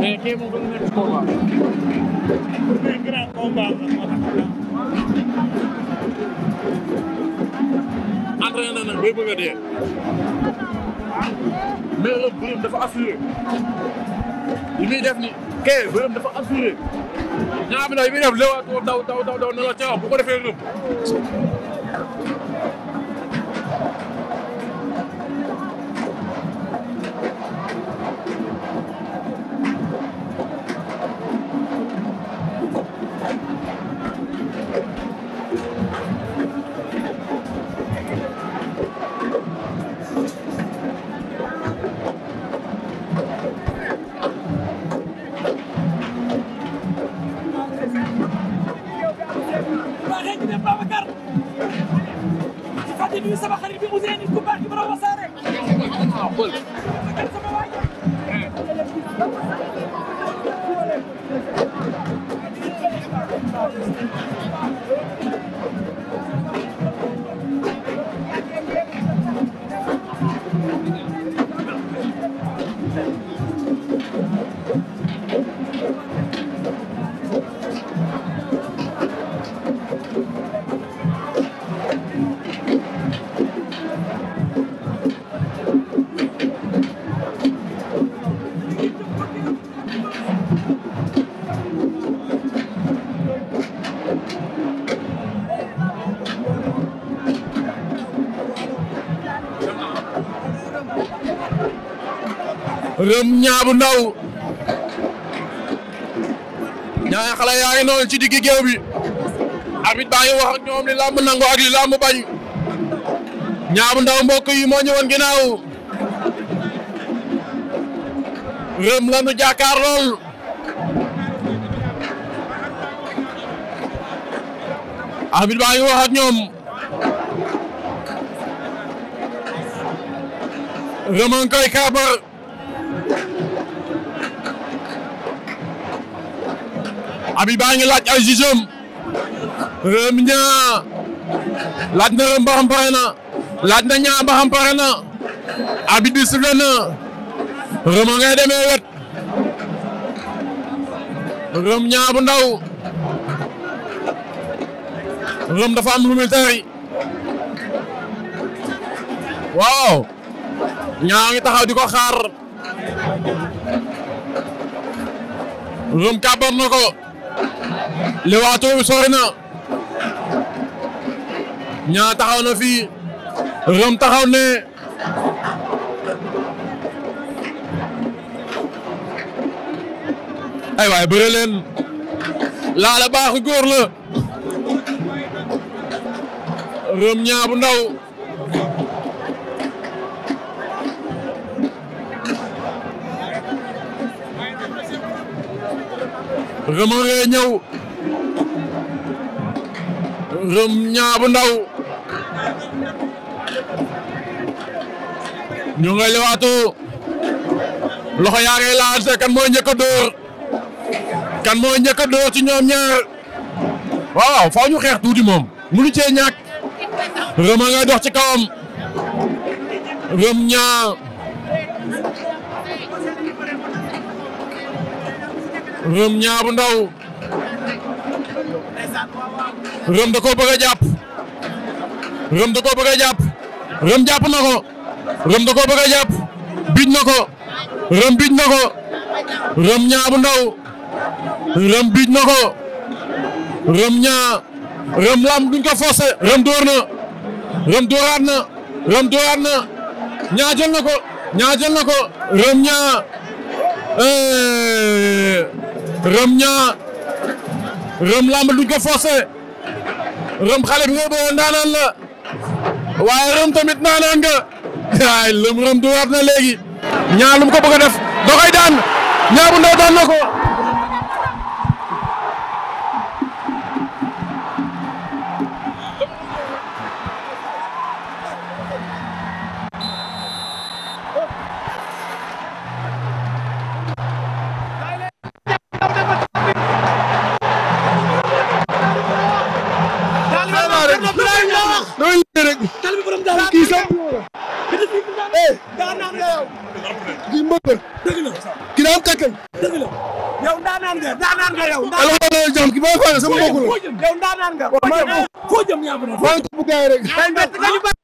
mais kii moom bëgg nañu ko waaw. mais grand combat la. entraîné na nag bay bëgg a dee. mais loolu bërëm dafa assuré. li muy def ni kee bërëm dafa assuré. ñaar bi nag li muy def léewaatoo daw daw daw daw ne la caaw bu ko defee rëbb. sama xarit bi Ousseynou ku baax bi borom Wassare ah, rëm ñaabu ndaw ñaari xale yaa ngi ci diggi géew bi arbitre baa ngi wax ak ñoom li làmb nangu ak li làmb ñaabu ndaw mbokk yi moo ñëwoon ginnaaw rëm la nu lool arbitre baa ngi ñoom rëm a ngi kaabar abi baa ngi laaj ay jugeem Reum Niang laaj na Reum ba na laaj na Niang ba na abi di sifle na Reum a ngay demee wet Reum Niang bu ndaw Reum dafa am ngi taxaw di ko xaar Reum kàbbar na lewaatoo bi sori na ñaa taxaw na fii rëm taxaw ne ay waay bëre leen laala baaxu góor la rëm ñaa bu ndaw rëm a ñëw lum ñaabu ndaw ñu ngay lewaatu loxo yaa ngay laante kan mooy njëkk a dóor kan mooy njëkk a dóor ci ñoom ñaar waaw faaw ñu xeex tuuti moom munu cee ñàkk Reum a ngay dox ci kawam Reum ñaa Reum ñaa bu ndaw Reum da koo bëgg jàpp Reum jàpp na ko Reum da koo bëgg jàpp biij na ko Reum biij na ko Reum Niang bu ndaw Reum biij na ko Reum Niang Reum lam duñ ko forcé Reum door na Reum dooraat na Reum dooraat na Niang jël na ko Niang jël na ko Reum Niang Reum Niang duñ ko forcé rëm xale bi ngay bëggoon naanaan la waaye rëm tamit naanaan nga ay lëm rëm du waat na léegi ñaar ko bëgg a def da daan ñaar bu ndaw daan na di mbër. dëgg la ki daam kàttan. dëgg la yow ndaanaan nga ndaanaan nga yow. alhamdulilah jàmm ki booy faale sama mbokk la. yow ndaanaan nga. foo jëm yaa ko def. maa ngi tudd gars yi rek.